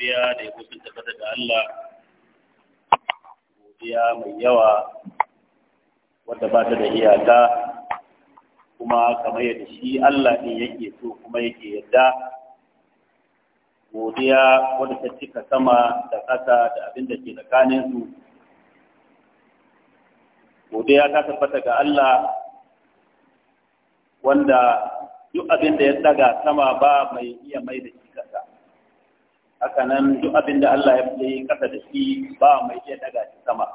godiya da ya kusa tabbata da Allah godiya mai yawa wadda ba ta da iyaka kuma kamar yadda shi Allah ne yake so kuma yake yadda godiya wadda ta cika sama da ƙasa da abin da ke tsakaninsu godiya ta tabbata ga Allah wanda duk abin da ya daga sama ba mai iya mai da shi haka nan duk abin da Allah ya fi kasa da shi ba mai iya daga shi sama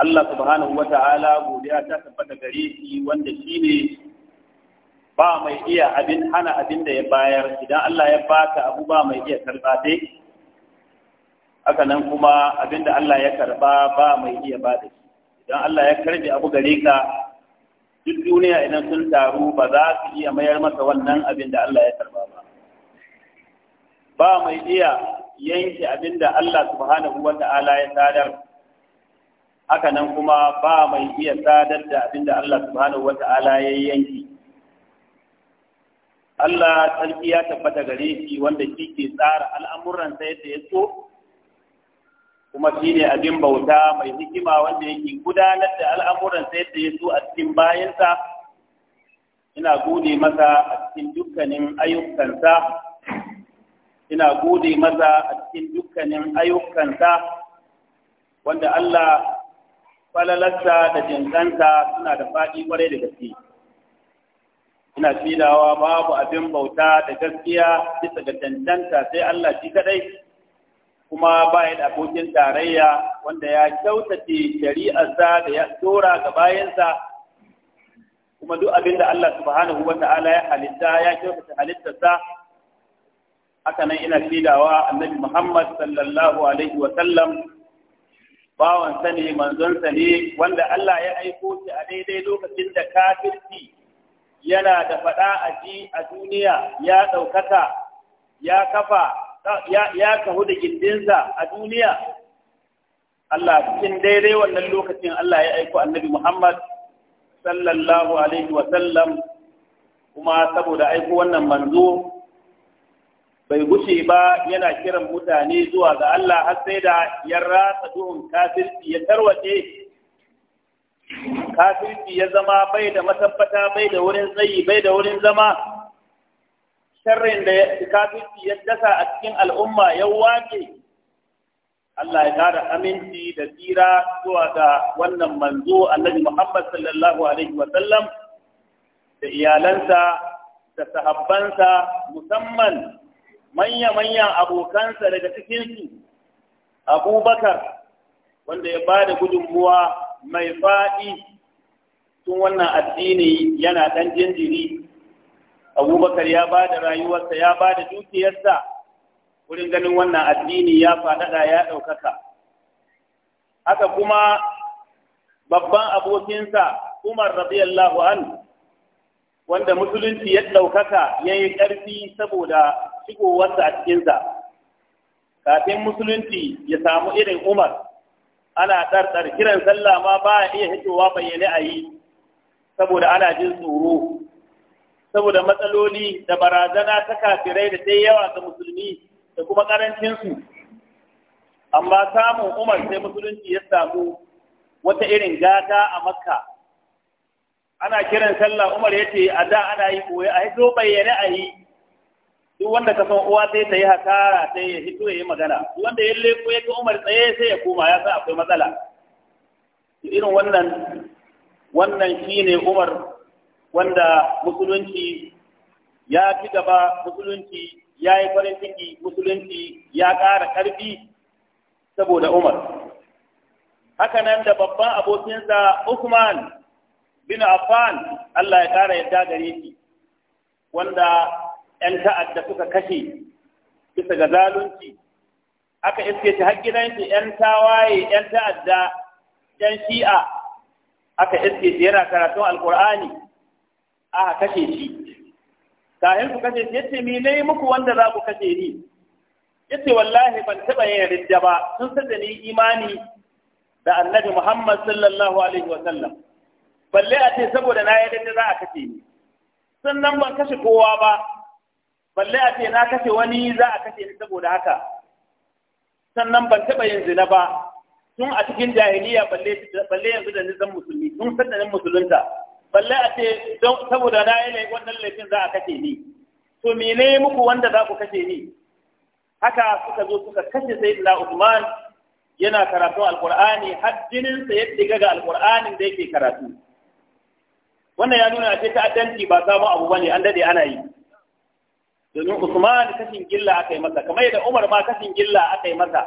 Allah subhanahu wa ta'ala godiya ta tabbata gare shi wanda shi ne ba mai iya abin hana abin da ya bayar idan Allah ya baka abu ba mai iya karɓa dai haka nan kuma abin da Allah ya karɓa ba mai iya ba da shi idan Allah ya karɓi abu gare ka duk duniya idan sun taru ba za su iya mayar masa wannan abin da Allah ya karɓa ba ba mai iya yanke abinda Allah subhanahu wa ta'ala ya sadar haka nan kuma ba mai iya sadar da abinda Allah subhanahu wa ta'ala ya yanki Allah sarki ya tabbata gare shi wanda shi ke tsara al'amuransa yadda ya so kuma shi ne abin bauta mai hikima wanda yake gudanar da al'amuransa yadda ya so a cikin bayansa ina gode masa a cikin dukkanin ayyukansa ina gode masa a cikin dukkanin ayyukansa wanda Allah falalarsa da jinkanta suna da faɗi kwarai da gaske. Ina filawa babu abin bauta da gaskiya bisa ga cancanta sai Allah shi kaɗai. kuma ba da abokin tarayya wanda ya kyautace shari'arsa da ya tora ga bayansa kuma duk abin da Allah subhanahu wa ta'ala ya halitta ya kyautace halittarsa haka nan ina shaidawa annabi Muhammad sallallahu alaihi wa sallam bawan ne manzon ne wanda Allah ya aiko shi a daidai lokacin da kafirci yana da fada a ji a duniya ya ɗaukaka ya kafa ya kahu da gindinsa a duniya Allah cikin daidai wannan lokacin Allah ya aiko annabi Muhammad sallallahu alaihi wa sallam kuma saboda aiko wannan manzo bai gushe ba yana kiran mutane zuwa ga Allah har sai da ya rasa duhun kafirci ya tarwace kafirci ya zama bai da matabbata bai da wurin tsayi bai da wurin zama sharrin da kafirci ya dasa a cikin al'umma ya wace Allah ya kara aminci da tsira zuwa ga wannan manzo annabi Muhammad sallallahu alaihi wa sallam da iyalansa da sahabbansa musamman manya-manyan abokansa daga cikinsu abubakar wanda ya ba da gudunmuwa mai faɗi tun wannan addini yana ɗan jinjiri abubakar ya ba da rayuwarsa ya ba da dukiyarsa wurin ganin wannan addini ya faɗaɗa ya ɗaukaka haka kuma babban abokinsa umar radiyallahu anhu wanda musulunci ya ɗaukaka ya yi ƙarfi saboda shigowarsa a cikinsa kafin musulunci ya samu irin umar ana ɗarɗar kiran sallah ma ba a iya hitowa bayyane a yi saboda ana jin tsoro saboda matsaloli da barazana ta kafirai da ta yawa ga musulmi da kuma ƙarancinsu amma samun umar sai musulunci ya samu wata irin gata a makka ana kiran sallah umar ya ce a da ana yi koyi a hito bayyane a yi duk wanda ka san uwa sai ta yi hasara sai ya hito ya yi magana duk wanda ya leko ya ga Umar tsaye sai ya koma ya san akwai matsala irin wannan wannan shine Umar wanda musulunci ya fi gaba musulunci ya yi farin ciki musulunci ya ƙara ƙarfi saboda Umar Hakanan da babban abokinsa Usman bin Affan Allah ya ƙara yadda gare shi wanda ‘yan ta'adda suka kashe bisa ga zalunci aka iske shi har ‘yan tawaye ‘yan ta'adda ‘yan shi'a aka iske shi yana karatun Alƙur'ani. aka kashe shi kahin ku kashe shi yace me nayi muku wanda za ku kashe ni yace wallahi ban taɓa yin ridda ba sun san ni imani da annabi Muhammad sallallahu alaihi wa sallam balle a ce saboda na yi ridda za a kashe ni sannan ban kashe kowa ba balle a ce na kashe wani za a kashe ni saboda haka sannan ban taɓa yin zina ba tun a cikin jahiliya balle yanzu da nisan musulmi tun sannanin musulunta balle a ce saboda na yi wannan laifin za a kashe ni to mene muku wanda za ku kashe ni haka suka zo suka kashe sayyidina Usman yana karatu alkur'ani har jininsa sa ya diga ga alkur'anin da yake karatu wannan ya nuna ce ta'addanci ba sabon abu bane an dade ana yi domin Usman kashin gilla aka yi masa kamar yadda Umar ma kashin gilla aka yi masa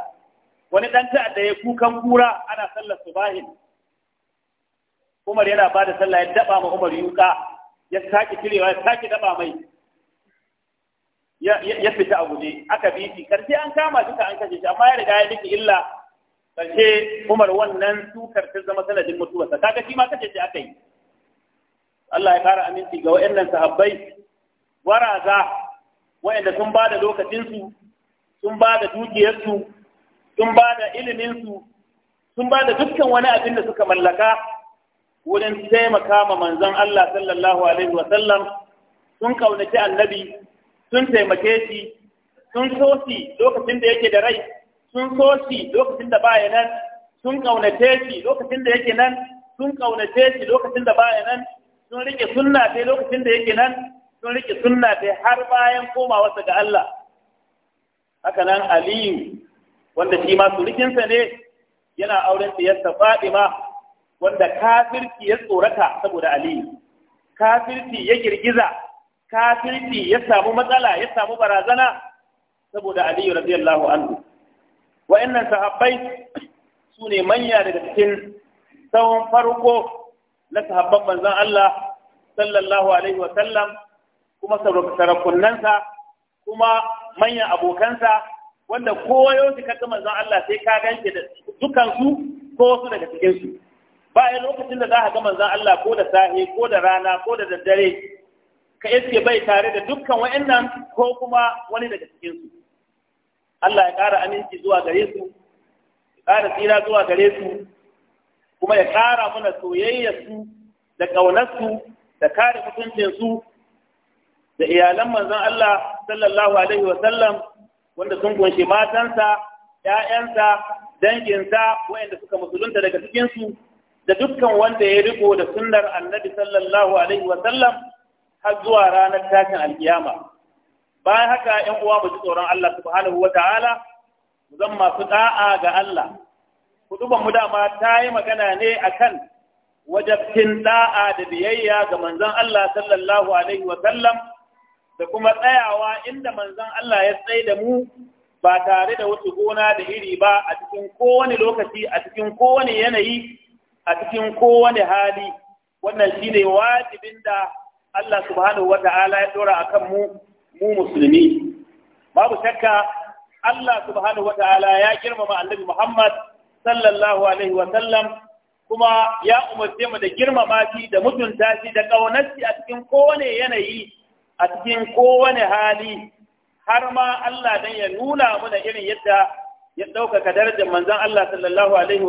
wani dan ta'adda ya kukan kura ana sallar subahin Umar yana ba da sallah ya daɓa ma Umar yuka ya saki tirewa ya mai ya fita a guje aka bi shi karshe an kama duka an kashe shi amma ya riga ya illa karshe Umar wannan sukar ta zama sanadin mutuwarsa kaga shi ma kashe shi aka yi Allah ya fara aminci ga waɗannan sahabbai waraza wayanda sun ba da lokacinsu sun ba da dukiyarsu sun ba da iliminsu sun ba da dukkan wani abin da suka mallaka wurin taimaka ma manzon Allah sallallahu alaihi wa sun kaunaci annabi sun taimake shi sun so shi lokacin da yake da rai sun so shi lokacin da baya nan sun kaunace shi lokacin da yake nan sun kaunace shi lokacin da baya nan sun rike sunna sai lokacin da yake nan sun rike sunna dai har bayan komawarsa ga Allah haka nan aliyu wanda shi ma surukinsa ne yana auren diyarsa Fadima wanda kafirci ya tsorata saboda aliyu kafirci ya girgiza kafirci ya samu matsala ya samu barazana saboda aliyu radiyallahu anhu wa'annan sahabbai su ne manya daga cikin tsawon farko na sahabban manzon Allah sallallahu alaihi wa sallam kuma sarakunansa kuma manyan abokansa wanda kowa yau ka manzon Allah sai ka ganke da dukan su ko wasu daga cikin su bayan lokacin da za a ga manzon Allah ko da safe ko da rana ko da daddare ka iske bai tare da dukkan wa'annan ko kuma wani daga cikin su Allah ya ƙara aminci zuwa gare su ya ƙara tsira zuwa gare su kuma ya ƙara mana soyayya su da ƙaunar su da kare mutuncin su da iyalan manzon Allah sallallahu alaihi wanda sun kunshi matansa ‘ya'yansa danginsa wayanda suka musulunta daga cikinsu da dukkan wanda ya riko da sunnar annabi sallallahu alaihi har zuwa ranar tashin alkiyama bayan haka ‘yan uwa mu ji tsoron Allah subhanahu wa ta'ala mu zan masu da'a ga Allah kutuban mu dama ta yi magana ne akan wajabtin ɗa'a da biyayya ga manzon Allah sallallahu alaihi wa sallam da kuma tsayawa inda manzon Allah ya tsaye da mu ba tare da wuce gona da iri ba a cikin kowane lokaci a cikin kowane yanayi a cikin kowane hali wannan shine wajibin da Allah subhanahu wata'ala ya dora akan mu mu musulmi babu shakka Allah subhanahu wata'ala ya girmama Annabi Muhammad sallallahu alaihi wa sallam kuma ya umarce mu da girmama shi da mutunta shi da kaunar shi a cikin kowane yanayi a cikin kowane hali har ma Allah dan ya nuna mana irin yadda ya ɗaukaka darajar manzan Allah sallallahu alaihi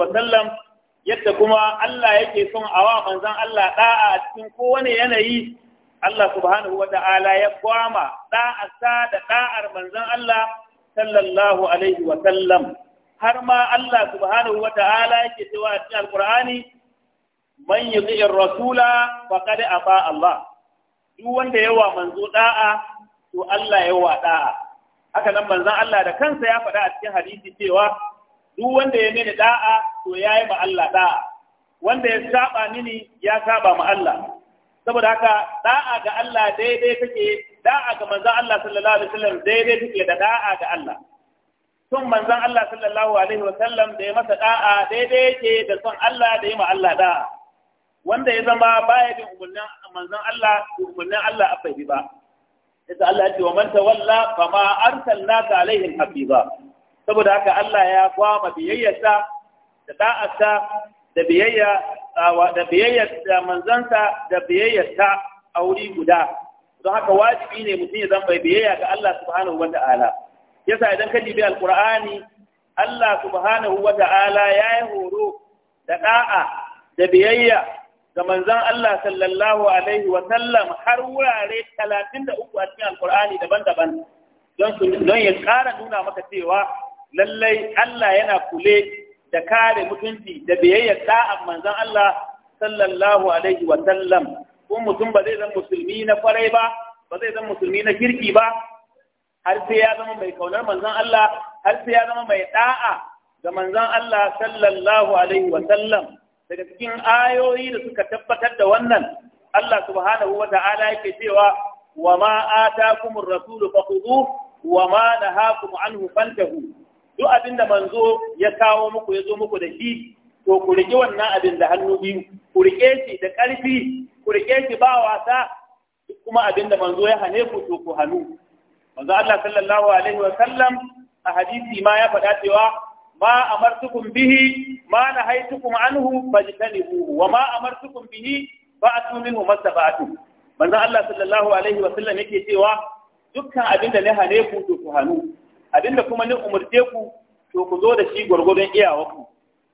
yadda kuma Allah yake son awa manzon Allah ɗa'a a cikin kowane yanayi Allah subhanahu wata'ala ya kwama da'arsa da ɗa'ar manzan Allah sallallahu alaihi har ma Allah subhanahu wata'ala yake cewa a cikin alqur'ani man yuti'ir rasula faqad ata Allah duk wanda yawa manzo da'a to Allah yawa da'a haka nan manzon Allah da kansa ya faɗa a cikin hadisi cewa duk wanda ya mini da'a to yayi ma Allah da'a wanda ya saba mini ya saba ma Allah saboda haka da'a ga Allah daidai take da'a ga manzon Allah sallallahu alaihi wasallam daidai take da da'a ga Allah son manzon Allah sallallahu alaihi wasallam da ya masa da'a daidai yake da son Allah da ya ma Allah da'a wanda ya zama baya bin umarnin manzon Allah umarnin Allah a bai ba yasa Allah ya ce wa man tawalla fama arsalnaka alaihim hafiza saboda haka Allah ya kwama biyayyarsa da da'arsa da biyayya da biyayyar da manzansa da biyayyarsa a wuri guda don haka wajibi ne mutum ya zama biyayya ga Allah subhanahu wa ta'ala yasa idan ka dibi alqur'ani Allah subhanahu wa ta'ala ya yi horo da da'a da biyayya ga manzan Allah sallallahu alaihi wa sallam har wurare 33 a cikin alkur'ani daban-daban don ya ƙara nuna maka cewa lallai Allah yana kule da kare mutunci da biyayya da'an manzan Allah sallallahu alaihi wa sallam ko mutum ba zai zan musulmi na kwarai ba ba zai zan musulmi na kirki ba har sai ya zama mai kaunar manzan Allah har sai ya zama mai ɗa'a? ga manzan Allah sallallahu alaihi wa sallam daga cikin ayoyi da suka tabbatar da wannan Allah subhanahu wa ta'ala yake cewa wa ma atakumur rasul fakhudhu wa ma nahakum anhu fantahu duk abinda manzo ya kawo muku ya zo muku da shi to ku rike wannan abin da hannu biyu ku rike shi da ƙarfi ku rike shi ba wasa kuma abinda manzo ya hane ku to ku hannu. manzo Allah sallallahu alaihi wa sallam a hadisi ma ya faɗa cewa ma amartukum bihi ma nahaytukum anhu fajtanibuhu wa ma amartukum bihi fa'atu minhu mastata'tum manzo Allah sallallahu alaihi wa sallam yake cewa dukkan abinda da ne hane ku to ku hanu Abinda kuma ne umurce ku to ku zo da shi gwargwadon iyawarku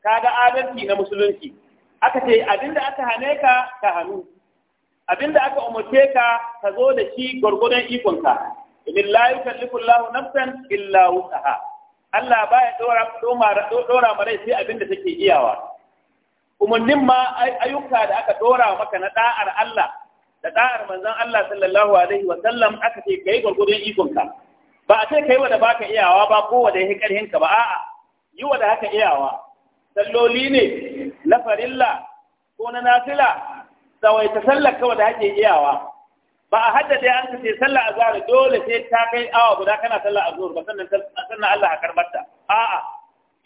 kaga adalci na musulunci aka ce abinda aka hane ka ka hanu Abinda aka umurce ka ka zo da shi gwargwadon ikonka in la yukallifu Allahu nafsan illa wusaha Allah baya ɗora dora rai sai abin da take iyawa umarnin ma ayyuka da aka ɗora maka na ɗa'ar Allah da ɗa'ar manzon Allah sallallahu alaihi wa sallam aka ce kai gwargwadon ikonka ba a ce kai da baka iyawa ba ko wanda yake karhin ka ba a'a yi da haka iyawa salloli ne na farilla ko na nafila sawai ta kawai da hake iyawa ba a haddace an ka ce sallah azhar dole sai ta kai awa guda kana sallah azhar ba sannan sannan Allah ya karbar ta a'a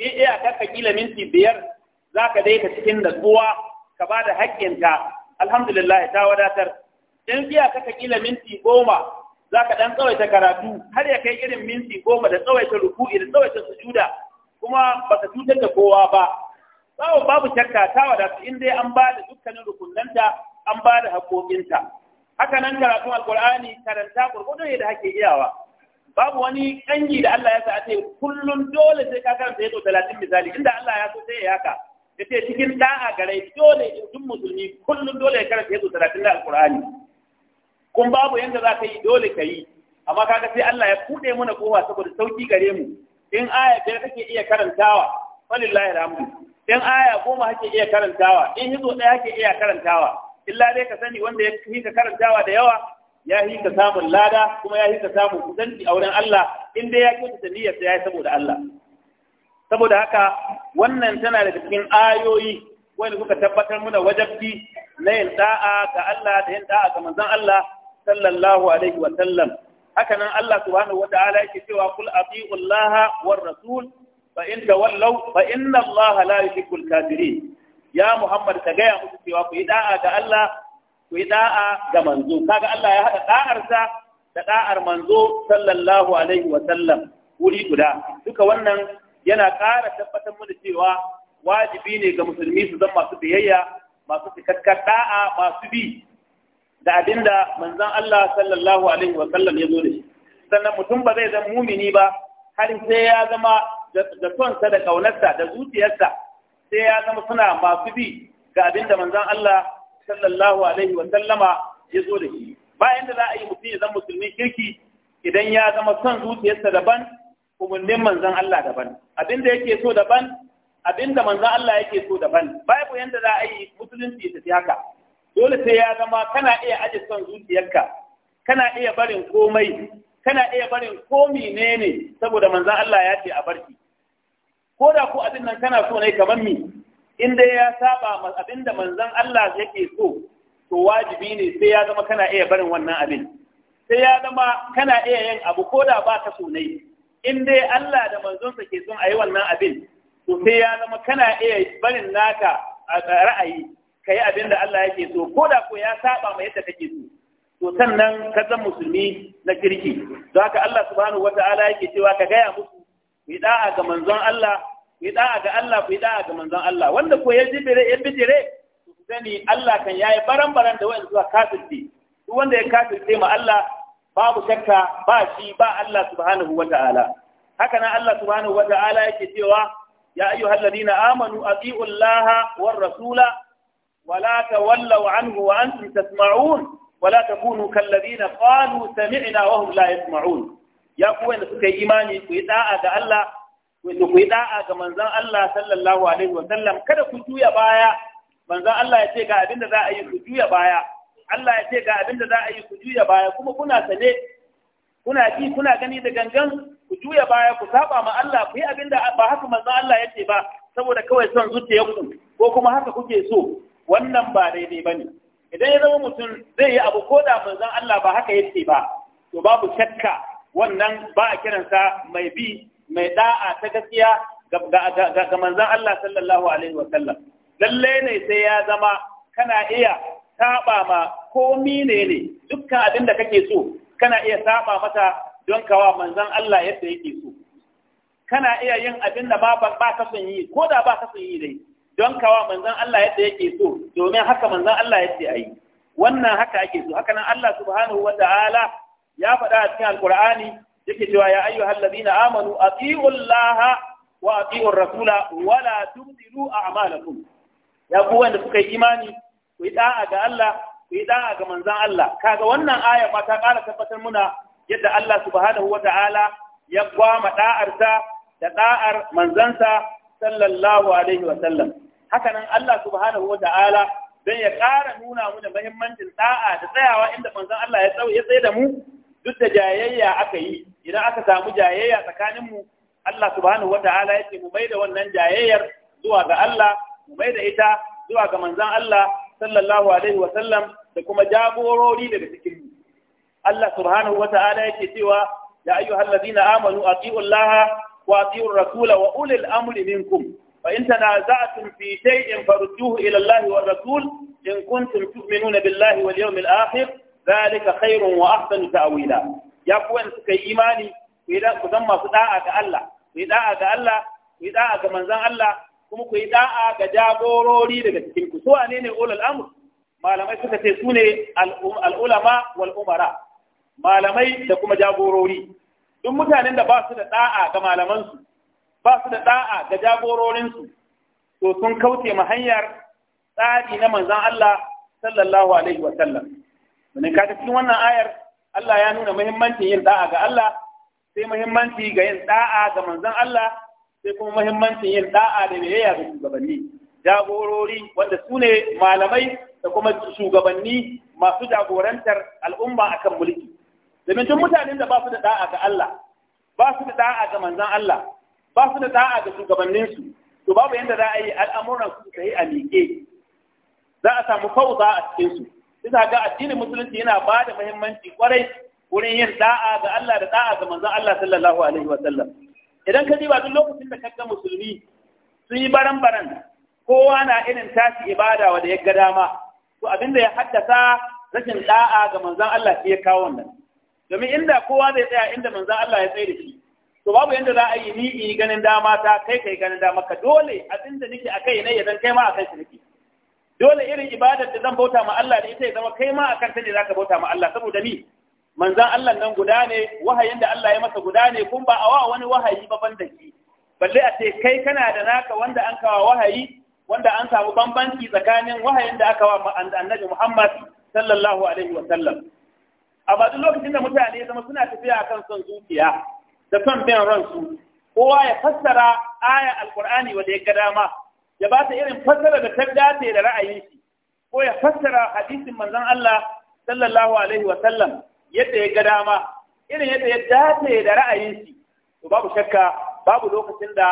in iya ka ka kila minti biyar zaka dai ka cikin natsuwa ka ba da haƙƙinka alhamdulillah ta wadatar in iya ka ka kila minti goma zaka dan tsawaita karatu har ya kai irin minti goma da tsawaita ruku'i da tsawaita sujuda kuma baka cutar da kowa ba babu babu shakka ta wadatu in dai an ba da dukkanin rukunanta an ba da haƙoƙinta haka nan karatun alkur'ani karanta ne da hake iyawa babu wani kangi da Allah ya sa ce kullum dole sai ka karanta yato talatin misali inda Allah ya so sai ya yaka yace ce cikin da'a gare dole in musulmi kullun dole ya karanta yato talatin da alkur'ani kun babu yanda za ka yi dole ka yi amma kaga sai Allah ya kude mana kowa saboda sauki gare mu in aya biyar kake iya karantawa falillahi alhamdu in aya goma kake iya karantawa in hizo daya kake iya karantawa illa dai ka sani wanda ya yi ka karantawa da yawa ya yi ka samun lada kuma ya yi ka samun kusanci a wurin Allah in dai ya kyautata niyyarsa ya yi saboda Allah saboda haka wannan tana da cikin ayoyi wanda kuka tabbatar muna wajabci na yin da'a ga Allah da yin da'a ga manzon Allah sallallahu alaihi wa sallam haka nan Allah subhanahu ta'ala yake cewa kul ati'u war rasul fa in tawallaw fa inna Allah la yuhibbul kafirin ya Muhammad ka gaya musu cewa ku yi da'a ga Allah ku yi da'a ga manzo kaga Allah ya haɗa da'arsa da da'ar manzo sallallahu alaihi wa sallam wuri guda duka wannan yana ƙara tabbatar mana cewa wajibi ne ga musulmi su zama masu biyayya masu cikakkar da'a masu bi da abinda manzon Allah sallallahu alaihi wa sallam ya zo da shi sannan mutum ba zai zama mumini ba har sai ya zama da tonsa da ƙaunarsa da zuciyarsa sai ya zama suna masu bi ga abinda manzon Allah sallallahu alaihi wa sallama ya zo da shi bayan da za a yi mutum ya zama musulmin kirki idan ya zama son zuciyarsa daban umarnin manzon Allah daban abinda yake so daban abinda manzon Allah yake so daban babu yanda za a yi musulunci ya tafi haka dole sai ya zama kana iya aje son zuciyarka kana iya barin komai kana iya barin ko menene saboda manzon Allah ya ce a barki ko da ko abin nan kana so ne kamar mi in dai ya saba abin da manzon Allah yake so to wajibi ne sai ya zama kana iya barin wannan abin sai ya zama kana iya yin abu ko da ba ka so ne in dai Allah da manzonsa ke son a yi wannan abin to sai ya zama kana iya barin naka a ra'ayi ka yi abin da Allah yake so ko da ko ya saba ma yadda kake so to sannan ka zama musulmi na kirki don haka Allah subhanahu wataala yake cewa ka gaya musu ku yi da'a ga manzon Allah ku yi ga Allah ku yi ga manzon Allah wanda ko ya jibire ya bijire ku sani Allah kan yayi baran-baran da wanda suka kafirce duk wanda ya kafirce ma Allah babu shakka ba shi ba Allah subhanahu ta'ala. haka nan Allah subhanahu ta'ala yake cewa ya ayyuhal ladina amanu ati'u Allah war rasula wala tawallaw anhu wa antum tasma'un wala takunu kal ladina qalu sami'na wa hum la yasma'un ya ku da suka yi imani ku yi da'a ga Allah wato ku yi da'a ga manzon Allah sallallahu alaihi wa sallam kada ku juya baya manzon Allah ya ce ga abin da za a yi ku juya baya Allah ya ce ga abin da za a yi ku juya baya kuma kuna sane kuna ji kuna gani da gangan ku juya baya ku saba ma Allah ku yi abin da ba haka manzon Allah ya ce ba saboda kawai son zuciyarku ko kuma haka kuke so wannan ba daidai bane idan ya zama mutum zai yi abu ko da manzon Allah ba haka yake ba to babu shakka wannan ba a kiransa mai bi mai da'a ta gaskiya ga manzan Allah sallallahu alaihi wasallam lalle ne sai ya zama kana iya saba ma komi ne ne dukkan abin da kake so kana iya saba mata don kawa manzan Allah yadda yake so kana iya yin abin da ba ba ka son yi ko da ba ka son yi dai don kawa manzan Allah yadda yake so domin haka manzan Allah yadda ayi wannan haka ake so haka nan Allah subhanahu wa ta'ala ya faɗa a cikin alkur'ani yake cewa ya ayyuhal ladina amanu atiiu allaha wa atiiu rasula wa la a'malakum ya ku wanda suka yi imani ku yi da'a ga Allah ku yi da'a ga manzon Allah kaga wannan aya ma ta ƙara tabbatar muna yadda Allah subhanahu wa ta'ala ya gwama da'arsa da da'ar manzansa sallallahu alaihi wa sallam Hakanan Allah subhanahu wa ta'ala don ya ƙara nuna mu da muhimmancin da'a da tsayawa inda manzon Allah ya tsaye da mu duk da jayayya aka yi idan aka samu jayayya tsakaninmu Allah subhanahu wa ta'ala ya ce mu mai da wannan jayayyar zuwa ga Allah mu mai da ita zuwa ga manzon Allah sallallahu alaihi wa sallam da kuma jagorori daga cikin mu Allah subhanahu wa ta'ala yake cewa ya ayyuhallazina amanu atiu Allah wa atiu rasula wa ulil amri minkum fa in tanaza'tum fi shay'in farudduhu ila Allah wa rasul in kuntum tu'minuna billahi wal yawmil akhir zalika khairun wa ahsanu ta'wila ya ku suka yi imani ku yi ku zan masu da'a ga Allah ku da'a ga Allah ku da'a ga manzon Allah kuma kuyi yi da'a ga jagorori daga cikin ku su wane ne malamai suka ce sune ne al'ulama wal malamai da kuma jagorori duk mutanen da ba su da da'a ga malamansu ba su da da'a ga jagororinsu to kauce ma hanyar tsari na manzan Allah sallallahu alaihi wa sallam sannan kaga cikin wannan ayar Allah ya nuna muhimmancin yin da'a ga Allah sai muhimmanci ga yin da'a ga manzon Allah sai kuma muhimmancin yin da'a da biyayya ga shugabanni jagorori wanda su ne malamai da kuma shugabanni masu jagorantar al'umma akan mulki domin tun mutanen da ba su da da'a ga Allah ba su da da'a ga manzon Allah ba su da da'a ga shugabanninsu to babu yadda za a yi al'amuran su ta yi a miƙe za a samu fauza a cikinsu bisa ga addinin musulunci yana ba da muhimmanci kwarai wurin yin da'a ga Allah da da'a ga manzon Allah sallallahu alaihi wa sallam idan ka ba duk lokacin da kaga musulmi sun yi baran baran kowa na irin tashi ibada wanda ya ga dama to abinda ya haddasa rashin da'a ga manzon Allah shi ya kawo wannan domin inda kowa zai tsaya inda manzon Allah ya tsaye da shi to babu yanda za a yi ni ganin dama ta kai kai ganin dama ka dole abinda nake akai ne ya dan kai ma akan shi nake dole irin ibadar da zan bauta ma Allah da ita ya zama kai ma kan ta ne zaka bauta ma Allah saboda ni manzan Allah nan guda ne wahayin da Allah ya masa guda ne kun ba a wa wani wahayi ba ban da shi balle a ce kai kana da naka wanda an kawo wahayi wanda an samu bambanci tsakanin wahayin da aka wa annabi Muhammad sallallahu alaihi wa sallam a lokacin da mutane zama suna tafiya akan son zuciya da son bin ransu kowa ya fassara aya alqur'ani wanda ya ga dama ya ba ta irin fassara da ta dace da ra'ayin shi ko ya fassara hadisin manzon Allah sallallahu alaihi wa sallam yadda ya ga dama irin yadda ya dace da ra'ayin shi to babu shakka babu lokacin da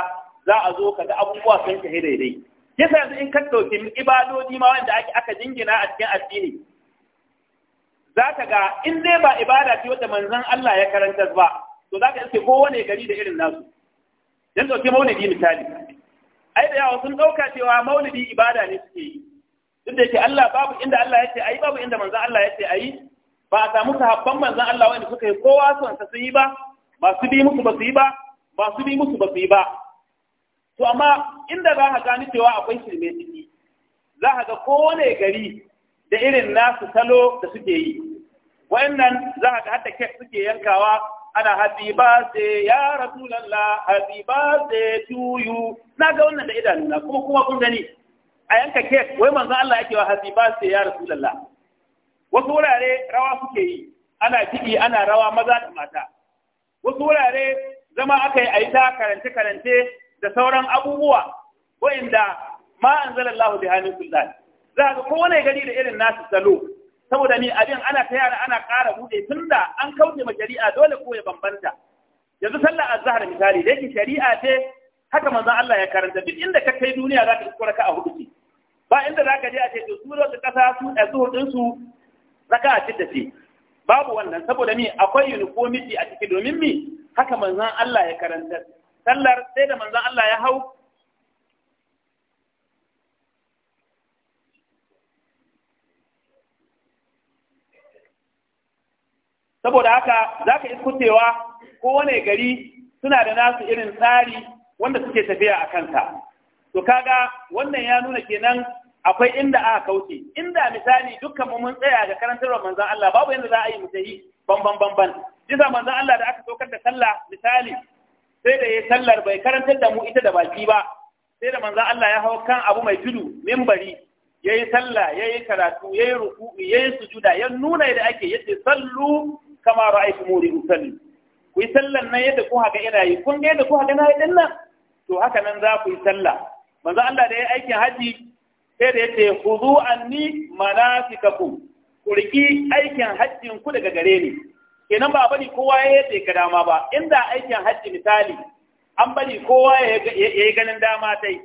za a zo ka ga abubuwa sun tafi daidai yasa yanzu in ka dauki ibadodi ma wanda ake aka jingina a cikin addini za ka ga in dai ba ibada ce wadda manzon Allah ya karantar ba to za ka ko kowane gari da irin nasu dan dauki maulidi misali ai da yawa sun ɗauka cewa maulidi ibada ne suke yi duk da ke Allah babu inda Allah ya ce ayi babu inda manzon Allah ya ce ayi ba a samu sahabban manzon Allah wanda suka yi kowa su sa su yi ba Ba su bi musu ba su yi ba Ba su bi musu ba su yi ba to amma inda za ka gani cewa akwai shirme ciki za ka ga kowane gari da irin nasu salo da suke yi wa'annan za ka ga hadda kek suke yankawa ana happy birthday ya rasulallah happy birthday to na ga wannan da idanuna kuma kuma kun gani a yanka kek wai manzo Allah yake wa happy birthday ya rasulallah wasu wurare rawa suke yi ana kiɗi ana rawa maza da mata wasu wurare zama aka yi a yi karance-karance da sauran abubuwa wa'inda ma an zala bi sultan za ka kowane gani da irin nasu salo saboda ni abin ana ta yara ana ƙara buɗe da an kauce ma shari'a dole ko ya bambanta yanzu sallar azhar misali da yake shari'a ce haka manzo Allah ya karanta duk inda ka kai duniya za ka iskura ka a hudu ce ba inda za ka je a ce to su da kasa su da eh, zuhur din su raka a cikin ce babu wannan saboda ni akwai uniformity a ciki domin mi haka manzo Allah ya karanta sallar sai da manzon Allah ya hau saboda haka za ka kucewa kowane gari suna da nasu irin tsari wanda suke tafiya a kansa to kaga wannan ya nuna kenan akwai inda aka kauce inda misali dukkan mu mun tsaya ga karantarwar manzan Allah babu yanda za a yi mutahi ban ban ban ban manzon Allah da aka saukar da sallah misali sai da ya sallar bai karantar da mu ita da baki ba sai da manzon Allah ya hau kan abu mai tudu mimbari yayi sallah yayi karatu yayi ya yayi sujuda ya nuna yadda ake yace sallu kama ra'aytumuni usalli ku yi sallan nan yadda ku haka ina yi kun ga yadda ku haka na yi dinnan to haka nan za ku yi sallah manzo Allah da ya aikin haji sai da yace khudu anni manasikakum ku riki aikin hajjin ku daga gare ni kenan ba bari kowa ya yace ka dama ba inda aikin hajji misali an bari kowa ya yi ganin dama tai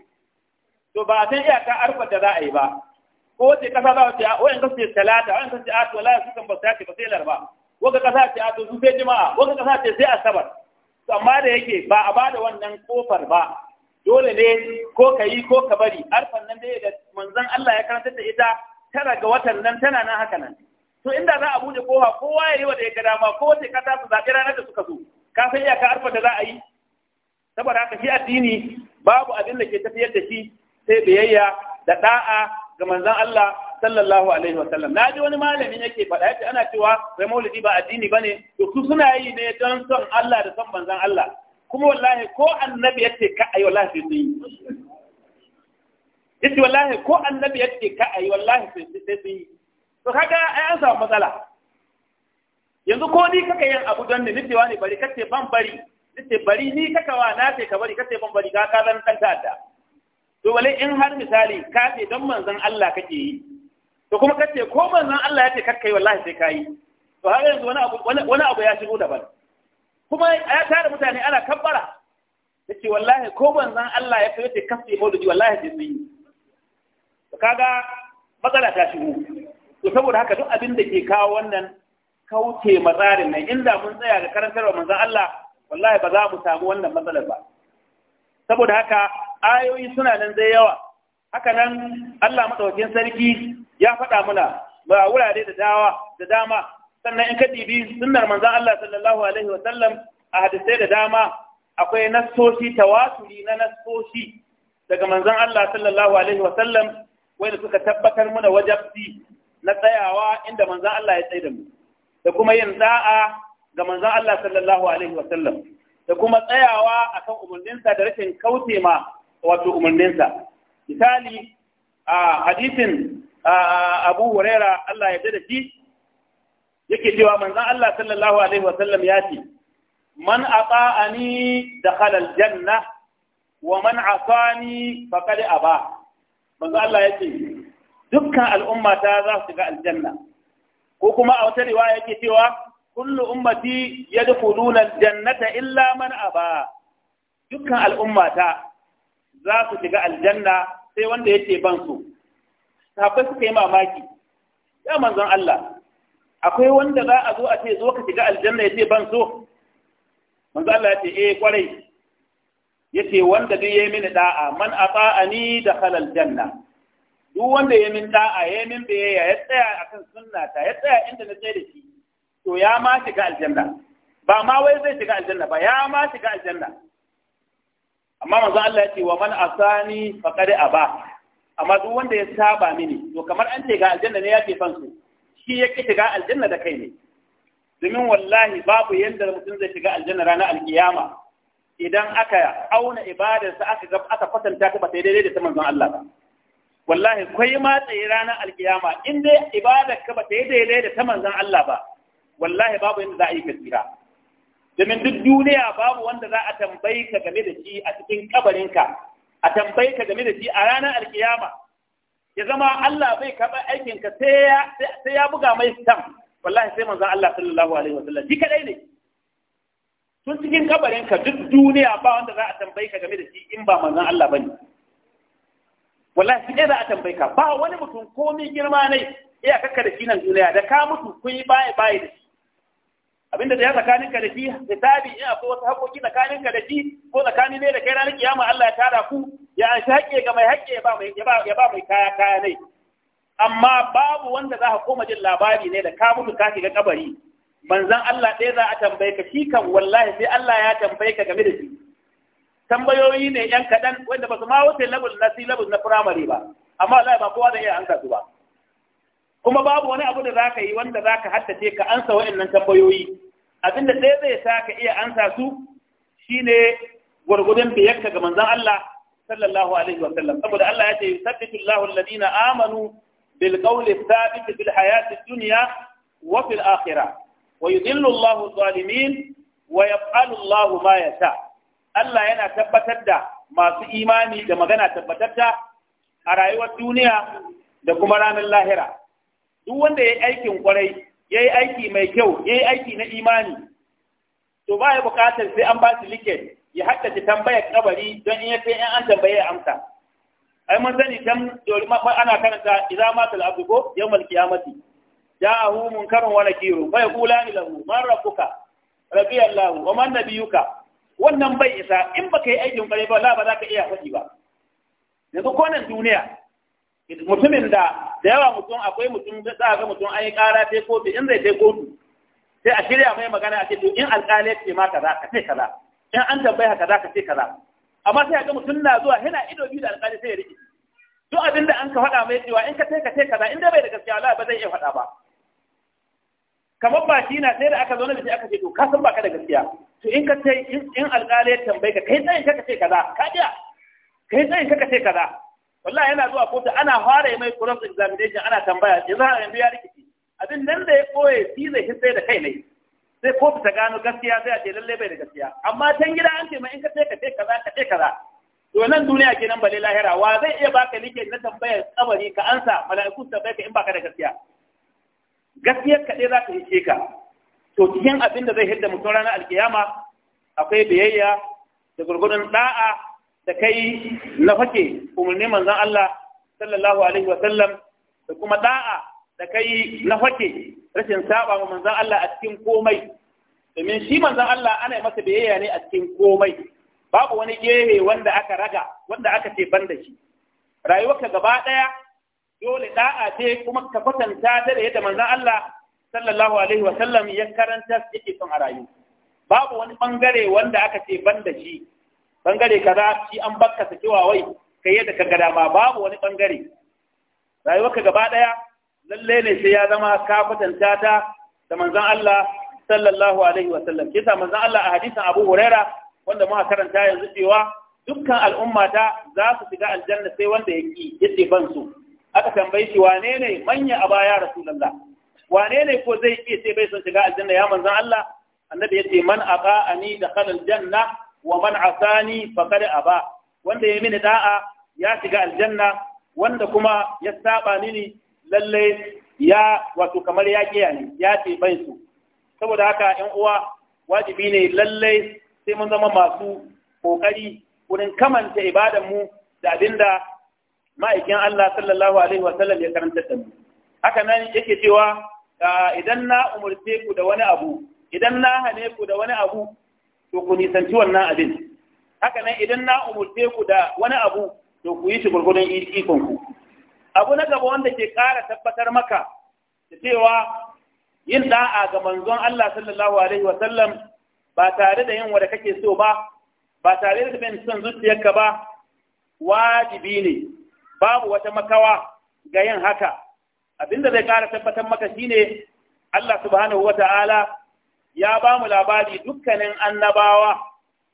to ba san iyaka arfa da za a yi ba ko wace kasa za a ce wa'in kasu ce talata wa'in kasu ce a to la su kan ba su ba sai larba waka kasa ce a tuzu sai jima'a waka kasa ce sai asabar amma da yake ba a ba da wannan kofar ba dole ne ko ka yi ko ka bari arfan nan dai da manzon Allah ya karanta da ita tara ga watan nan tana nan haka nan to inda za a buɗe kowa kowa ya yi wa da ya ga dama ko wace kasa su zaɓi ranar da suka zo. ka san iyaka arfan da za a yi saboda haka shi addini babu abin da ke tafiyar da shi sai biyayya da da'a ga manzon Allah sallallahu alaihi wa wasallam na ji wani malamin yake faɗa yace ana cewa sai maulidi ba addini bane to su suna yi ne don son Allah da son manzon Allah kuma wallahi ko annabi yace ka ai wallahi sai sun yi yace wallahi ko annabi yace ka ai wallahi sai sun yi to kaga ai an samu matsala yanzu ko ni kaka yin abu don ni nitewa ne bari kace ban bari nace bari ni kaka wa na ce ka bari kace ban bari ka ka zan ɗan ta'adda. to wale in har misali ka ce don manzon Allah kake yi to kuma kace ko manzon Allah ya ce kakka yi wallahi sai kai to har yanzu wani abu wani abu ya shigo daban kuma ya tare mutane ana kabbara yace wallahi ko manzon Allah ya fice kafi maulidi wallahi sai sun yi to kaga matsala ta shigo to saboda haka duk abin da ke kawo wannan kauce matsarin nan inda mun tsaya ga karantarwa manzon Allah wallahi ba za mu samu wannan matsalar ba saboda haka ayoyi suna nan zai yawa haka nan Allah madaukakin sarki ya faɗa muna ba wurare da dawa da dama sannan in ka dibi sunnar manzan Allah sallallahu alaihi wa sallam a hadisai da dama akwai nassoshi tawaturi na nassoshi daga manzan Allah sallallahu alaihi wa sallam wanda suka tabbatar muna wajabci na tsayawa inda manzan Allah ya tsaye da mu da kuma yin da'a ga manzan Allah sallallahu alaihi wa sallam da kuma tsayawa akan umarninsa da rashin kauce ma wato umarninsa misali a hadisin abu huraira Allah ya da shi yake cewa manzan Allah sallallahu alaihi wa ya ce man a da dakhala janna wa man a asani faqad aba manzon Allah ya ce dukkan al'umma ta za su ga aljanna ko kuma a wata riwaya yake cewa kullu ummati yadkhuluna aljannata illa man a ba. dukkan al'ummata za su shiga aljanna sai wanda yake ban su sahabbai suka yi mamaki ya manzon Allah akwai wanda za a zo a ce zo ka shiga aljanna ya ce ban so Manzon Allah ya ce eh kwarai ya ce wanda duk ya yi mini da'a man a da halal janna. duk wanda ya yi min da'a ya yi min biyayya ya tsaya akan sunna ta ya tsaya inda na tsaya da shi to ya ma shiga aljanna ba ma wai zai shiga aljanna ba ya ma shiga aljanna amma Manzon Allah ya ce wa man asani faqad aba amma duk wanda ya saba mini to kamar an ce ga aljanna ne ya ce fansu shi ya ki shiga aljanna da kai ne domin wallahi babu yanda mutum zai shiga aljanna ranar alkiyama idan aka auna ibadarsa aka ga aka kwatanta ta ba daidai da ta manzon Allah ba wallahi kai ma tsaye ranar alkiyama in dai ibadar ka ba daidai da ta manzon Allah ba wallahi babu yanda za a yi kasira domin duk duniya babu wanda za a tambayi ka game da shi a cikin kabarinka a tambaye ka game da shi a ranar alkiyama ya zama Allah bai karɓar aikin ka sai ya buga mai stamp wallahi sai manzon Allah sallallahu alaihi wasallam shi kadai ne tun cikin kabarin ka duk duniya ba wanda za a tambaye ka game da shi in ba manzan Allah bane wallahi shi za a tambaye ka ba wani mutum komai girma ne iya kakka da shi nan duniya da ka mutu kun yi baye-baye da shi abinda da ya ka da shi hisabi in akwai wasu haƙoƙi ka da shi ko tsakani ne da kai ranar kiyama Allah ya tara ku ya an shi haƙƙe ga mai haƙƙe ya ba mai kaya kaya ne amma babu wanda za ka koma jin labari ne da ka mutu ka shiga kabari manzon Allah ɗaya za a tambaye ka shi kan wallahi sai Allah ya tambayi ka game da shi tambayoyi ne yan kaɗan wanda ba su ma wuce labul na na firamare ba amma wallahi ba kowa da iya hanka su ba kuma babu wani abu da za ka yi wanda za ka haddace ka ansa wa'annan tambayoyi da ɗaya zai sa ka iya ansa su shine gwargwadon biyarka ga manzon Allah sallallahu alaihi wa sallam saboda Allah ya ce yusabbitu Allahu alladhina amanu bil qawli thabit fil hayati dunya wa fil akhirah wa yudhillu Allahu adh wa yaf'alu Allahu ma yasha Allah yana tabbatar da masu imani da magana tabbatar a rayuwar duniya da kuma ranar lahira duk wanda ya yi aikin kwarai ya yi aiki mai kyau ya yi aiki na imani to ba ya bukatar sai an ba su liket ya haddace tambayar kabari don in ya sai an tambaye ya amsa ai mun sani dan ana karanta idza mata al-abdu ko yawmal qiyamati ja'ahu munkarun wa nakiru fa yaqulani lahu man rabbuka rabbi allah wa man nabiyuka wannan bai isa in baka yi aikin kwarai ba la ba za ka iya faɗi ba yanzu ko duniya mutumin da da yawa mutum akwai mutum da za ga mutum an yi kara sai kotu in zai sai kotu sai a shirya mai magana a ce to in alƙali ce ma kaza ka ce kaza in an tambaya kaza ka ce kaza amma sai ga mutum na zuwa yana ido biyu da alƙali sai ya riƙe to abin da an ka faɗa mai cewa in ka ce ka ce kaza in dai bai da gaskiya Allah ba zai iya faɗa ba kamar ba shi na sai da aka zo na biki aka ce to ka san ba ka da gaskiya to in ka ce in alƙali ya tambaye ka kai tsayin ka ce kaza ka iya kai tsayin ka ce kaza wallahi yana zuwa kotu ana fara mai cross examination ana tambaya za a yanzu ya rikici abin nan da ya koye shi zai sai da kai ne sai kotu ta gano gaskiya sai a ce lalle bai da gaskiya amma can gida an ce mai in ka ce ka ce kaza ka ce kaza to nan duniya ke nan bale lahira wa zai iya baka like na tambayar kabari ka ansa mala'iku ta tambaye ka in baka da gaskiya gaskiyar ka za ka hishe ka to cikin abin da zai hidda mutum ranar alkiyama akwai biyayya da gurgurun da'a da kai na fake umarni manzan Allah sallallahu alaihi wa sallam da kuma da'a da kai na rashin saba wa manzon Allah a cikin komai domin shi manzon Allah ana yi masa biyayya ne a cikin komai babu wani gehe wanda aka raga wanda aka ce ban da shi rayuwarka gaba ɗaya dole da'a ce kuma ka kwatanta da yadda manzan Allah sallallahu alaihi wa sallam ya karanta yake son a rayu babu wani bangare wanda aka ce ban da shi bangare kaza shi an bakka saki wawai kai yadda ka gada ma babu wani bangare rayuwar ka gaba daya lalle ne sai ya zama ka kwatanta ta da manzon Allah sallallahu alaihi wa sallam kisa manzon Allah a hadisin Abu Huraira wanda muka karanta yanzu cewa dukkan al'umma ta za su shiga aljanna sai wanda ya ki yace ban su aka tambaye shi wane ne manya a baya rasulullah wane ne ko zai iya sai bai son shiga aljanna ya manzon Allah annabi yace man aqa'ani dakhala aljanna wa man asani faqad aba wanda ya mini da'a ya shiga aljanna wanda kuma ya saba mini lalle ya wato kamar ya kiya ya ce bai su saboda haka ƴan uwa wajibi ne lalle sai mun zama masu kokari wurin kamanta ibadan mu da abinda ma'aikin Allah sallallahu alaihi wa sallam ya karanta da mu haka nan yake cewa ah, idan na umurce ku da wani abu idan na hane ku da wani abu to ku nisanci wannan abin haka nan idan na umurce ku da wani abu to ku yi shi gurgurdan ikon ku abu na gaba wanda ke ƙara tabbatar maka da cewa yin da'a ga manzon Allah sallallahu alaihi wa sallam ba tare da yin wanda kake so ba ba tare da bin son zuciyarka ba wajibi ne babu wata makawa ga yin haka abinda zai ƙara tabbatar maka shine Allah subhanahu wa ta'ala ya ba mu labari dukkanin annabawa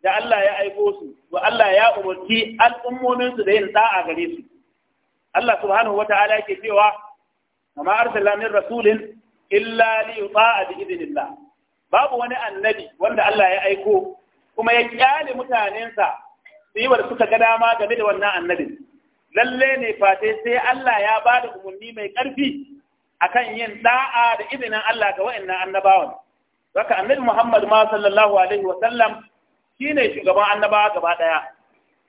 da Allah ya aiko su to Allah ya umarci al'ummomin su da yin da'a gare su Allah subhanahu wata'ala yake cewa kama arsalna min rasulin illa li yuta'a bi idnillah babu wani annabi wanda Allah ya aiko kuma ya kyale mutanensa su yi wa suka ga dama game da wannan annabin lalle ne fate sai Allah ya bada da umarni mai ƙarfi akan yin da'a da izinin Allah ga wa'annan annabawan Saka annabi Muhammad ma sallallahu alaihi wa sallam shine shugaban annabawa gaba ɗaya.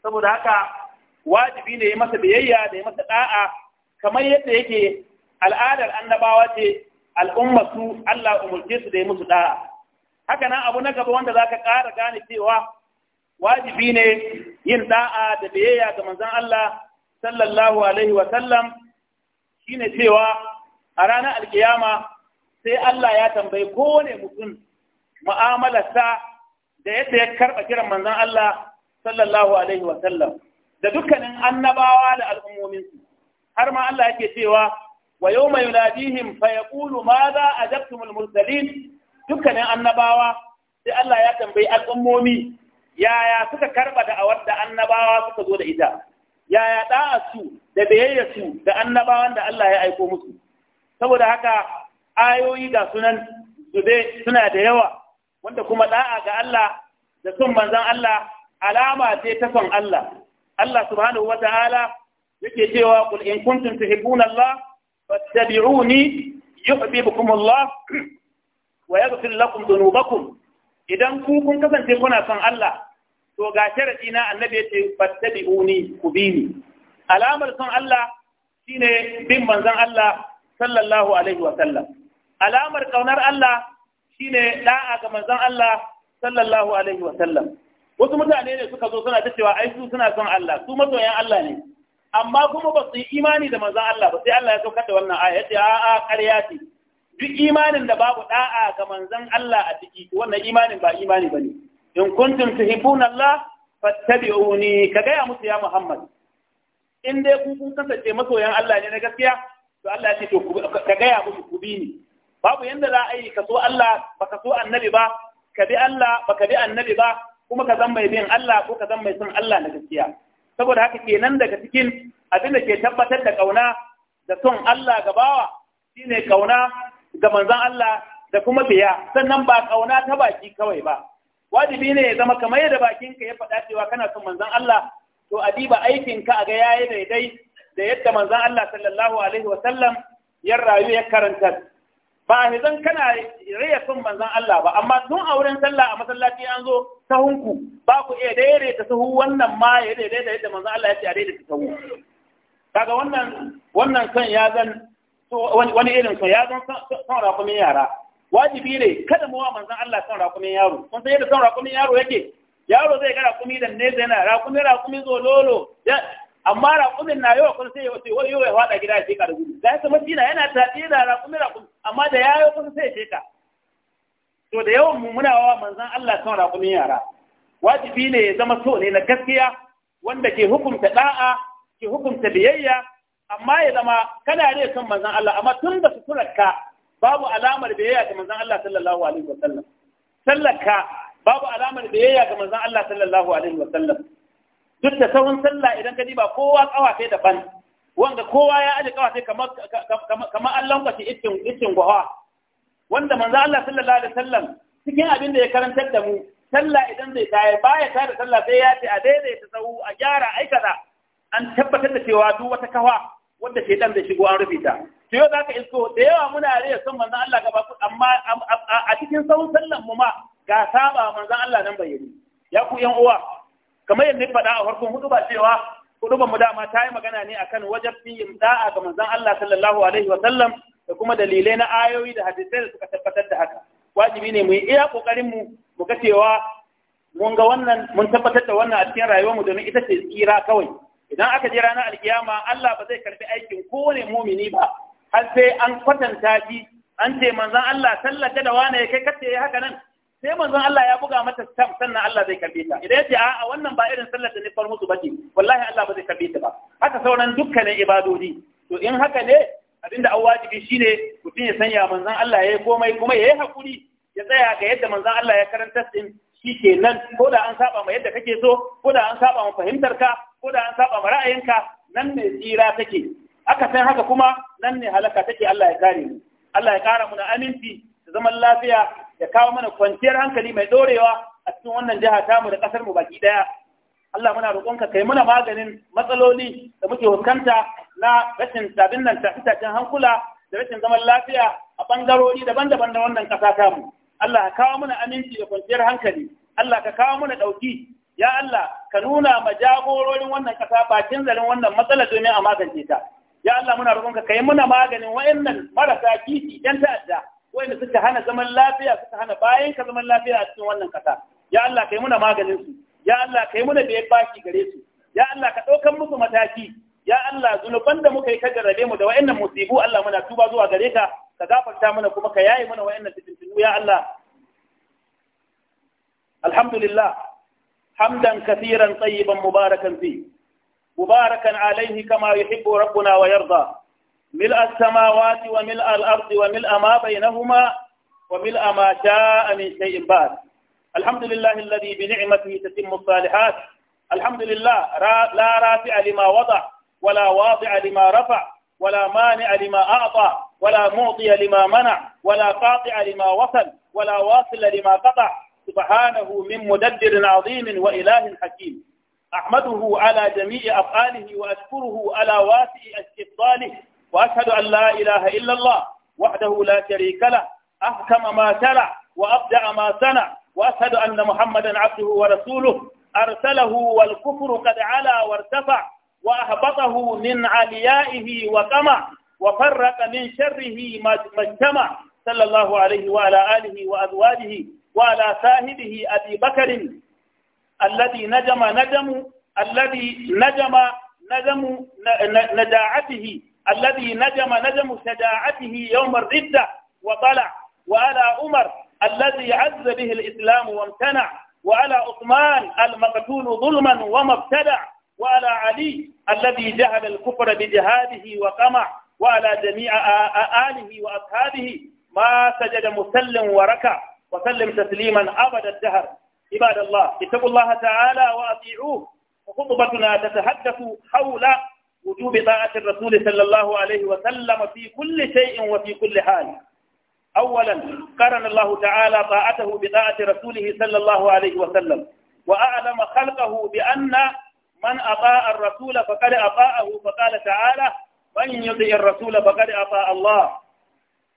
Saboda haka wajibi ne ya masa biyayya da ya masa ɗa'a kamar yadda yake al'adar annabawa ce al'umma su Allah umurce su da ya musu ɗa'a. Haka nan abu na gaba wanda za ka ƙara gane cewa wajibi ne yin ɗa'a da biyayya ga manzon Allah sallallahu alaihi wa sallam shine cewa a ranar alkiyama sai Allah ya tambayi kowane mutum mu'amalarsa da yadda ya karɓa kiran manzon Allah sallallahu alaihi wa sallam da dukkanin annabawa da al'ummominsu har ma Allah yake cewa wa yawma yunadihim fa yaqulu madha ajabtumul mursalin dukkanin annabawa sai Allah ya tambayi al'ummomi yaya suka da da'awar da annabawa suka zo da ita yaya da'a su da biyayya su da annabawan da Allah ya aiko musu saboda haka ayoyi ga sunan zube suna da yawa wanda kuma da'a ga Allah da sun manzon Allah alama ce ta son Allah Allah subhanahu wata'ala yake cewa qul in kuntum tuhibbuna Allah fattabi'uni yuhibbukum Allah wa yaghfir lakum dhunubakum idan ku kun kasance kuna son Allah to ga sharadi na annabi yace fattabi'uni ku bi ni alamar son Allah shine bin manzon Allah sallallahu alaihi wa sallam alamar ƙaunar Allah shine da'a ga manzon Allah sallallahu alaihi wa sallam wasu mutane ne suka zo suna ta cewa ai su suna son Allah su masoyan Allah ne amma kuma ba su yi imani da manzon Allah ba sai Allah ya saukar da wannan aya yace a a ƙarya ce duk imanin da babu da'a ga manzon Allah a ciki wannan imanin ba imani bane in kuntum tuhibbuna Allah fattabi'uni ka gaya musu ya Muhammad in dai kun kun kasance masoyan Allah ne na gaskiya to Allah ya ce to ka gaya musu ku bi ni babu yanda za a yi ka so Allah ka so annabi ba ka bi Allah ka bi annabi ba kuma ka zan mai bin Allah ko ka zan mai son Allah na gaskiya saboda haka kenan daga cikin abin da ke tabbatar da kauna da son Allah ga bawa shine kauna ga manzon Allah da kuma biya sannan ba kauna ta baki kawai ba wajibi ne ya zama kamar yadda bakinka ya faɗa cewa kana son manzon Allah to a diba aikinka a ga yayi daidai da yadda manzon Allah sallallahu alaihi wa sallam ya rayu ya karanta ba a zan kana raya sun manzan Allah ba amma tun a wurin sallah a masallaci an zo sahunku ba ku iya daidaita sahu wannan ma ya da yadda manzan Allah ya ce a daidaita sahu kaga wannan wannan son ya zan wani irin son ya zan son rakumin yara wajibi ne kada mu wa manzan Allah son rakumin yaro kun san yadda son rakumin yaro yake yaro zai ga rakumi da nesa yana rakumi rakumi lolo amma raƙumin na yawa kun sai ya wace wani yawa ya faɗa gida ya sheka da gudu ga yasa macina yana tafiye da raƙumin raƙumin amma da ya yi kun sai ya sheka to da yawan mu muna wa manzon Allah son raƙumin yara wajibi ne ya zama so ne na gaskiya wanda ke hukunta da'a ke hukunta biyayya amma ya zama kana ne son manzan Allah amma tun da suturarka babu alamar biyayya ga manzan Allah sallallahu alaihi wasallam sallarka babu alamar biyayya ga manzan Allah sallallahu alaihi wa sallam. duk da sauran sallah idan ka diba kowa kawafe daban wanda kowa ya aje kawafe kamar kamar an kwace iccin iccin gwawa wanda manzo Allah sallallahu alaihi wasallam cikin abin da ya karantar da mu sallah idan zai tayar baya tayar sallah sai ya ce a daidaita sahu a gyara aikata an tabbatar da cewa duk wata kawa wanda ke dan zai shigo an rufe ta to yau zaka isko da yawa muna rayar son manzon Allah gaba amma a cikin sauran sallan mu ma ga saba manzon Allah nan bayyane ya ku yan uwa kamar yadda faɗa a farkon hudu ba cewa hudu ba mu dama ta yi magana ne akan wajen yin da'a ga manzon Allah sallallahu alaihi wa sallam da kuma dalilai na ayoyi da hadisai da suka tabbatar da haka wajibi ne mu yi iya kokarin mu mu ga cewa mun ga wannan mun tabbatar da wannan a cikin rayuwarmu domin ita ce tsira kawai idan aka je ranar alkiyama Allah ba zai karbi aikin kowane mumini ba har sai an kwatanta shi an ce manzon Allah sallaka da wane kai kace haka nan sai manzon Allah ya buga mata stamp sannan Allah zai karbe ta idan yace a'a wannan ba irin sallar da nifar musu bace wallahi Allah ba zai karbe ta ba haka sauran dukkanin ibadodi to in haka ne abinda an wajibi shine mutum ya sanya manzon Allah yayi komai kuma yayi hakuri ya tsaya ga yadda manzon Allah ya karanta din shi ke nan ko da an saba ma yadda kake so ko da an saba ma fahimtar ka ko da an saba ma ra'ayinka nan ne tsira take aka san haka kuma nan ne halaka take Allah ya kare mu Allah ya kara mu na aminci zaman lafiya ya kawo mana kwanciyar hankali mai dorewa a cikin wannan jiha tamu da kasar mu baki daya Allah muna roƙonka kai muna maganin matsaloli da muke fuskanta na rashin sabin nan tafi hankula da rashin zaman lafiya a bangarori daban-daban na wannan ƙasa tamu. Allah ka kawo mana aminci da kwanciyar hankali. Allah ka kawo mana ɗauki. Ya Allah ka nuna ma jagororin wannan ƙasa bakin zarin wannan matsala domin a magance ta. Ya Allah muna roƙonka kai muna maganin wa'annan marasa kishi 'yan ta'adda. wanda suka hana zaman lafiya suka hana bayan ka zaman lafiya a cikin wannan kasa ya Allah kai muna maganin su ya Allah kai muna da baki gare su ya Allah ka ɗaukan musu mataki ya Allah zunuban da muka yi ka jarrabe mu da wayannan musibu Allah muna tuba zuwa gare ka ka gafarta mana kuma ka yaye mana wayannan fitintunu ya Allah alhamdulillah hamdan kathiran tayyiban mubarakan fi mubarakan alaihi kama yuhibbu rabbuna wa yarda ملء السماوات وملء الأرض وملء ما بينهما وملء ما شاء من شيء بعد الحمد لله الذي بنعمته تتم الصالحات الحمد لله لا رافع لما وضع ولا واضع لما رفع ولا مانع لما أعطى ولا معطي لما منع ولا قاطع لما وصل ولا واصل لما قطع سبحانه من مدبر عظيم وإله حكيم أحمده على جميع أفعاله وأشكره على واسع استفضاله وأشهد أن لا إله إلا الله وحده لا شريك له أحكم ما شرع وأبدأ ما صنع وأشهد أن محمدا عبده ورسوله أرسله والكفر قد علا وارتفع وأهبطه من عليائه وقمع وفرق من شره ما اجتمع صلى الله عليه وعلى آله وأزواجه وعلى صاحبه أبي بكر الذي نجم نجم الذي نجم نجم نجاعته الذي نجم نجم شجاعته يوم الردة وطلع وعلى عمر الذي عز به الإسلام وامتنع وعلى عثمان المقتول ظلما وما ابتدع وعلى علي الذي جهل الكفر بجهاده وقمع وعلى جميع آله وأصحابه ما سجد مسلم وركع وسلم تسليما أبد الدهر عباد الله اتقوا الله تعالى وأطيعوه وخطبتنا تتحدث حول وجوب طاعة الرسول صلى الله عليه وسلم في كل شيء وفي كل حال أولا قرن الله تعالى طاعته بطاعة رسوله صلى الله عليه وسلم وأعلم خلقه بأن من أطاع الرسول فقد أطاعه فقال تعالى من يطيع الرسول فقد أطاع الله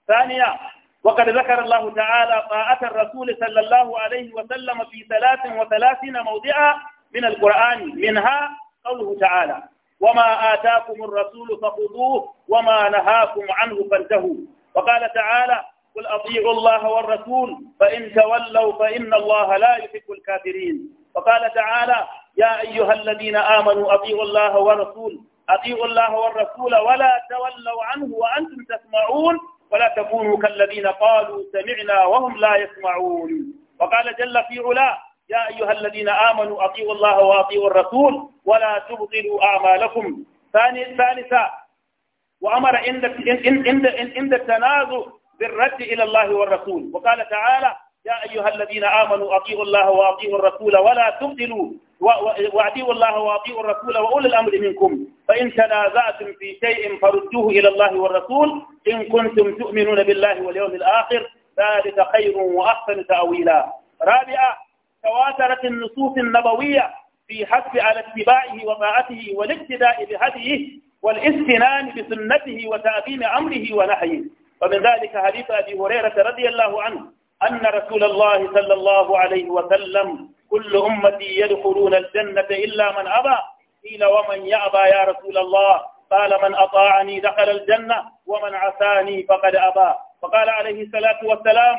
ثانيا وقد ذكر الله تعالى طاعة الرسول صلى الله عليه وسلم في ثلاث وثلاثين موضعا من القرآن منها قوله تعالى وما آتاكم الرسول فخذوه وما نهاكم عنه فانتهوا وقال تعالى قل أطيعوا الله والرسول فإن تولوا فإن الله لا يحب الكافرين وقال تعالى يا أيها الذين آمنوا أطيعوا الله والرسول أطيعوا الله والرسول ولا تولوا عنه وأنتم تسمعون ولا تكونوا كالذين قالوا سمعنا وهم لا يسمعون وقال جل في علاه يا أيها الذين آمنوا أطيعوا الله وأطيعوا الرسول ولا تبطلوا أعمالكم ثاني ثالثا وأمر عند عند عند التنازع بالرد إلى الله والرسول وقال تعالى يا أيها الذين آمنوا أطيعوا الله وأطيعوا الرسول ولا تبطلوا وأطيعوا الله وأطيعوا الرسول وأولي الأمر منكم فإن تنازعتم في شيء فردوه إلى الله والرسول إن كنتم تؤمنون بالله واليوم الآخر ذلك خير وأحسن تأويلا رابعا تواترت النصوص النبوية في حث على اتباعه وطاعته والاقتداء بهديه والاستنان بسنته وتأبين أمره ونحيه ومن ذلك حديث أبي هريرة رضي الله عنه أن رسول الله صلى الله عليه وسلم كل أمتي يدخلون الجنة إلا من أبى قيل ومن يأبى يا رسول الله قال من أطاعني دخل الجنة ومن عساني فقد أبى فقال عليه الصلاة والسلام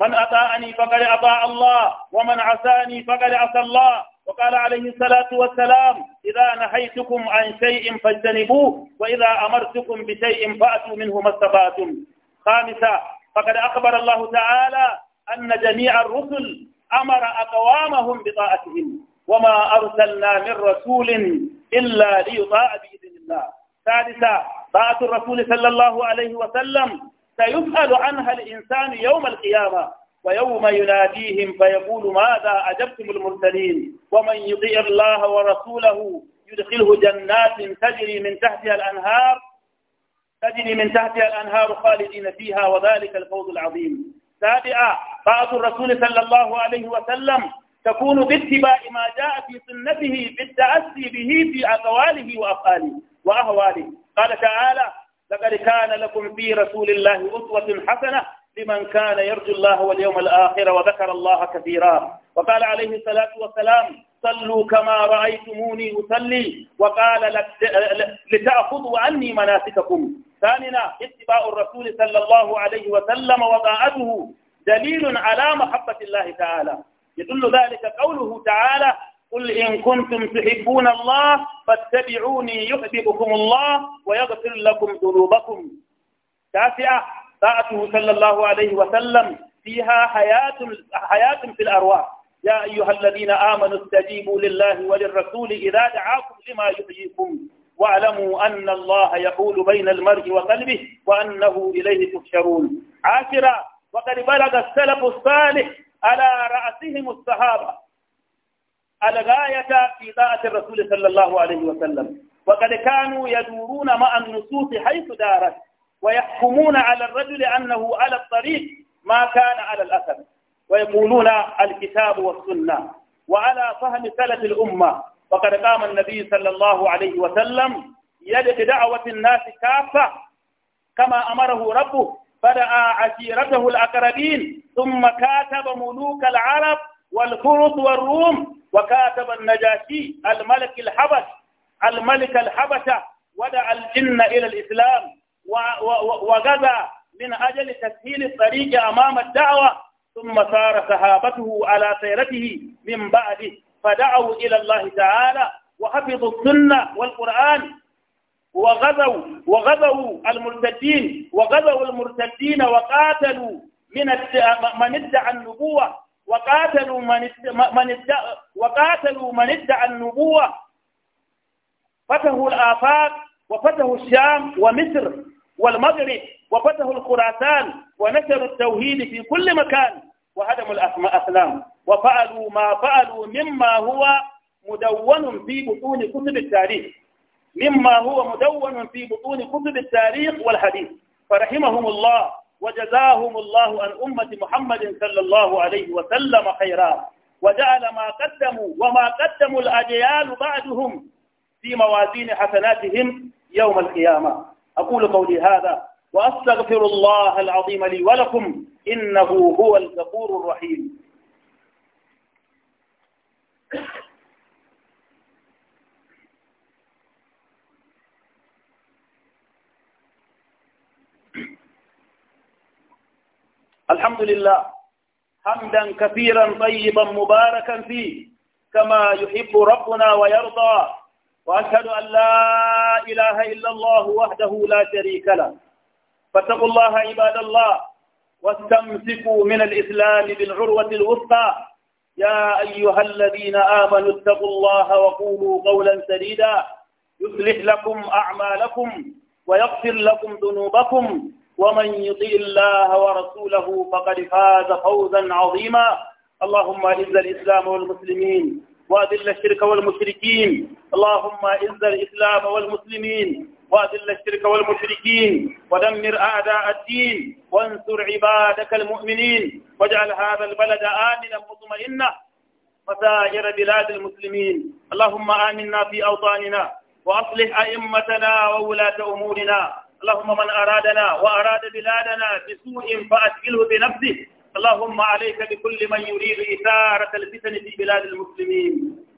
من أطاعني فقد أطاع الله ومن عصاني فقد عصى الله وقال عليه الصلاة والسلام إذا نهيتكم عن شيء فاجتنبوه وإذا أمرتكم بشيء فأتوا منه ما استطعتم خامسا فقد أخبر الله تعالى أن جميع الرسل أمر أقوامهم بطاعتهم وما أرسلنا من رسول إلا ليطاع بإذن الله سادسا طاعة الرسول صلى الله عليه وسلم سيسأل عنها الإنسان يوم القيامة ويوم يناديهم فيقول ماذا أجبتم المرسلين ومن يطيع الله ورسوله يدخله جنات تجري من تحتها الأنهار تجري من تحتها الأنهار خالدين فيها وذلك الفوز العظيم سابعا طاعة الرسول صلى الله عليه وسلم تكون باتباع ما جاء في سنته بالتأسي به في أقواله وأفعاله وأهواله قال تعالى لقد كان لكم في رسول الله أسوة حسنة لمن كان يرجو الله واليوم الآخر وذكر الله كثيرا وقال عليه الصلاة والسلام صلوا كما رأيتموني أصلي وقال لتأخذوا عني مناسككم ثاننا اتباع الرسول صلى الله عليه وسلم وطاعته دليل على محبة الله تعالى يدل ذلك قوله تعالى قل إن كنتم تحبون الله فاتبعوني يحببكم الله ويغفر لكم ذنوبكم تاسعة طاعته صلى الله عليه وسلم فيها حياة حياة في الأرواح يا أيها الذين آمنوا استجيبوا لله وللرسول إذا دعاكم لما يحييكم واعلموا أن الله يحول بين المرء وقلبه وأنه إليه تحشرون عاشرا وقد بلغ السلف الصالح على رأسهم الصحابة الغاية في طاعة الرسول صلى الله عليه وسلم وقد كانوا يدورون مع النصوص حيث دارت ويحكمون على الرجل أنه على الطريق ما كان على الأثر ويقولون الكتاب والسنة وعلى فهم سلف الأمة وقد قام النبي صلى الله عليه وسلم يدك دعوة الناس كافة كما أمره ربه فدعا عشيرته الأقربين ثم كاتب ملوك العرب والفرس والروم وكاتب النجاشي الملك الحبش الملك الحبشة ودعا الجن إلى الإسلام وغزا من أجل تسهيل الطريق أمام الدعوة ثم سار صحابته على سيرته من بعده فدعوا إلى الله تعالى وحفظوا السنة والقرآن وغزوا وغزوا المرتدين وغزوا المرتدين وقاتلوا من من ادعى النبوة وقاتلوا من من ادعى وقاتلوا من ادعى النبوة فتحوا الآفاق وفتحوا الشام ومصر والمغرب وفتحوا الخراسان ونشروا التوحيد في كل مكان وهدموا الأسلام وفعلوا ما فعلوا مما هو مدون في بطون كتب التاريخ مما هو مدون في بطون كتب التاريخ والحديث فرحمهم الله وجزاهم الله عن أمة محمد صلى الله عليه وسلم خيرا وجعل ما قدموا وما قدموا الأجيال بعدهم في موازين حسناتهم يوم القيامة أقول قولي هذا وأستغفر الله العظيم لي ولكم إنه هو الغفور الرحيم الحمد لله حمدا كثيرا طيبا مباركا فيه كما يحب ربنا ويرضى وأشهد أن لا إله إلا الله وحده لا شريك له فاتقوا الله عباد الله واستمسكوا من الإسلام بالعروة الوثقى يا أيها الذين آمنوا اتقوا الله وقولوا قولا سديدا يصلح لكم أعمالكم ويغفر لكم ذنوبكم ومن يطيع الله ورسوله فقد فاز فوزا عظيما اللهم اعز الإسلام والمسلمين وأذل الشرك والمشركين اللهم اعز الإسلام والمسلمين وأذل الشرك والمشركين ودمر أعداء الدين وانصر عبادك المؤمنين واجعل هذا البلد آمنا مطمئنا وسائر بلاد المسلمين اللهم آمنا في أوطاننا وأصلح أئمتنا وولاة أمورنا اللهم من أرادنا وأراد بلادنا بسوء فأشغله بنفسه اللهم عليك بكل من يريد إثارة الفتن في بلاد المسلمين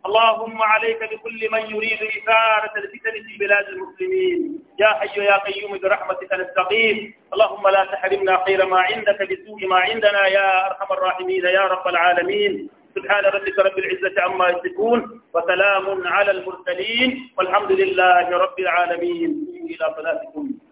اللهم عليك بكل من يريد إثارة الفتن في بلاد المسلمين يا حي يا قيوم برحمتك نستقيم اللهم لا تحرمنا خير ما عندك بسوء ما عندنا يا أرحم الراحمين يا رب العالمين سبحان ربك رب العزة عما يصفون وسلام على المرسلين والحمد لله رب العالمين إلى صلاتكم